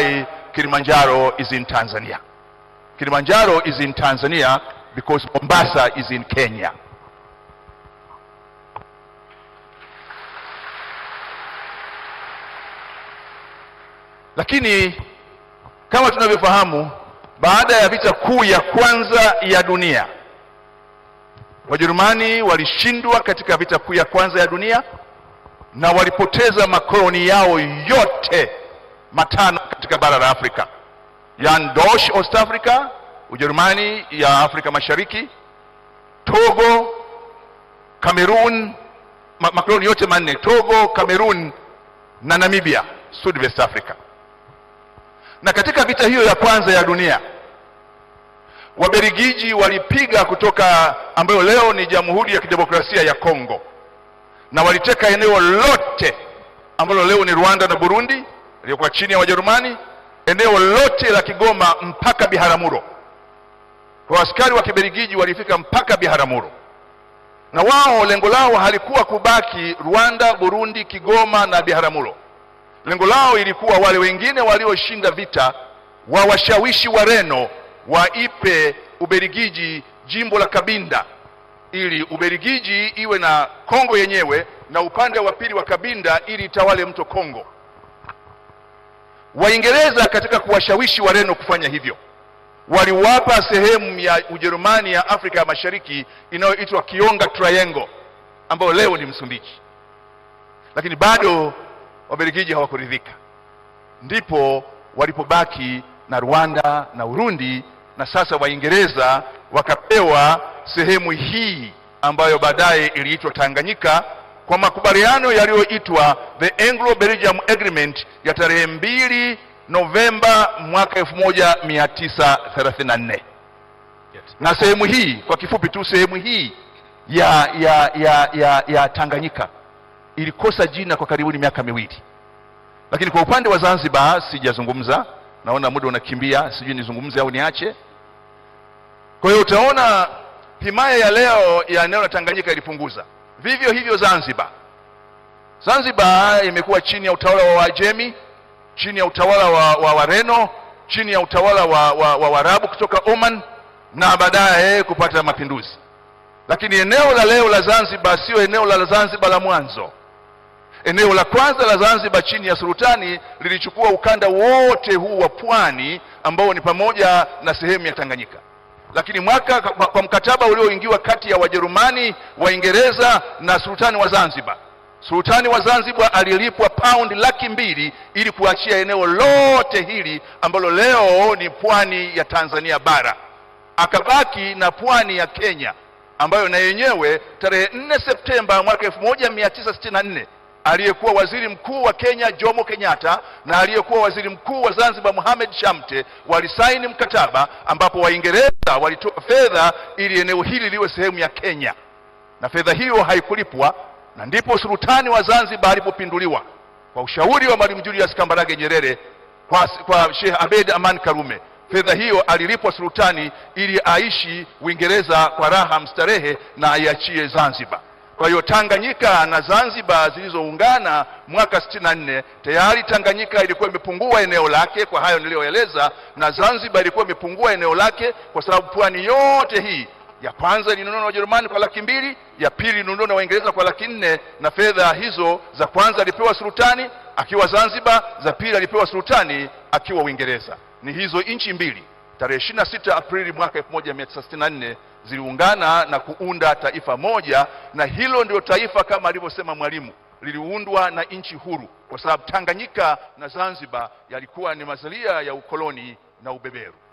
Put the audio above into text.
why Kilimanjaro is in Tanzania. Kilimanjaro is in Tanzania because Mombasa is in Kenya. Lakini kama tunavyofahamu, baada ya vita kuu ya kwanza ya dunia, Wajerumani walishindwa katika vita kuu ya kwanza ya dunia na walipoteza makoloni yao yote matano katika bara la Afrika, yani DOSH Ost Africa, Ujerumani ya Afrika Mashariki, Togo, Cameroon, makoloni yote manne, Togo, Cameroon na Namibia, Sud West Africa. Na katika vita hiyo ya kwanza ya dunia Waberigiji walipiga kutoka ambayo leo ni Jamhuri ya Kidemokrasia ya Kongo, na waliteka eneo lote ambalo leo ni Rwanda na Burundi iliyokuwa chini ya Wajerumani, eneo lote la Kigoma mpaka Biharamulo. Kwa askari wa Kiberigiji walifika mpaka Biharamulo, na wao lengo lao halikuwa kubaki Rwanda, Burundi, Kigoma na Biharamulo. Lengo lao ilikuwa wale wengine walioshinda vita wawashawishi Wareno waipe Uberigiji jimbo la Kabinda ili Uberigiji iwe na Kongo yenyewe na upande wa pili wa Kabinda ili itawale mto Kongo. Waingereza katika kuwashawishi Wareno kufanya hivyo waliwapa sehemu ya Ujerumani ya Afrika ya Mashariki inayoitwa Kionga Triangle ambayo leo ni Msumbiji, lakini bado Wabelgiji hawakuridhika, ndipo walipobaki na Rwanda na Urundi, na sasa Waingereza wakapewa sehemu hii ambayo baadaye iliitwa Tanganyika kwa makubaliano yaliyoitwa the Anglo Belgium Agreement ya tarehe 2 Novemba mwaka 1934 na sehemu hii kwa kifupi tu sehemu hii ya, ya, ya, ya, ya Tanganyika ilikosa jina kwa karibuni miaka miwili, lakini kwa upande wa Zanzibar sijazungumza, naona muda unakimbia, sijui nizungumze au niache. Kwa hiyo utaona himaya ya leo ya eneo la Tanganyika ilipunguza Vivyo hivyo Zanzibar. Zanzibar imekuwa chini ya utawala wa Wajemi, chini ya utawala wa Wareno, chini ya utawala wa, wa, wa Warabu kutoka Oman na baadaye kupata mapinduzi. Lakini eneo la leo la Zanzibar sio eneo la Zanzibar la mwanzo. Eneo la kwanza la Zanzibar chini ya sultani lilichukua ukanda wote huu wa pwani ambao ni pamoja na sehemu ya Tanganyika lakini mwaka kwa mkataba ulioingiwa kati ya Wajerumani, Waingereza na sultani wa Zanzibar. Sultani wa Zanzibar alilipwa paundi laki mbili ili kuachia eneo lote hili ambalo leo ni pwani ya Tanzania bara, akabaki na pwani ya Kenya ambayo na yenyewe tarehe 4 Septemba mwaka 1964 aliyekuwa waziri mkuu wa Kenya Jomo Kenyatta na aliyekuwa waziri mkuu wa Zanzibar Mohamed Shamte walisaini mkataba ambapo Waingereza walitoa fedha ili eneo hili liwe sehemu ya Kenya, na fedha hiyo haikulipwa, na ndipo sultani wa Zanzibar alipopinduliwa kwa ushauri wa Mwalimu Julius Kambarage Nyerere kwa, kwa Sheikh Abed Aman Karume. Fedha hiyo alilipwa sultani ili aishi Uingereza kwa raha mstarehe na aiachie Zanzibar. Kwa hiyo Tanganyika na Zanzibar zilizoungana mwaka 64 tayari Tanganyika ilikuwa imepungua eneo lake kwa hayo niliyoeleza, na Zanzibar ilikuwa imepungua eneo lake kwa sababu pwani yote hii ya kwanza ilinunua na Wajerumani kwa laki mbili, ya pili ilinunua na Waingereza kwa laki nne, na fedha hizo za kwanza alipewa sultani akiwa Zanzibar, za pili alipewa sultani akiwa Uingereza. Ni hizo nchi mbili tarehe 26 Aprili mwaka 1964 ziliungana na kuunda taifa moja, na hilo ndio taifa kama alivyosema Mwalimu liliundwa na nchi huru, kwa sababu Tanganyika na Zanzibar yalikuwa ni mazalia ya ukoloni na ubeberu.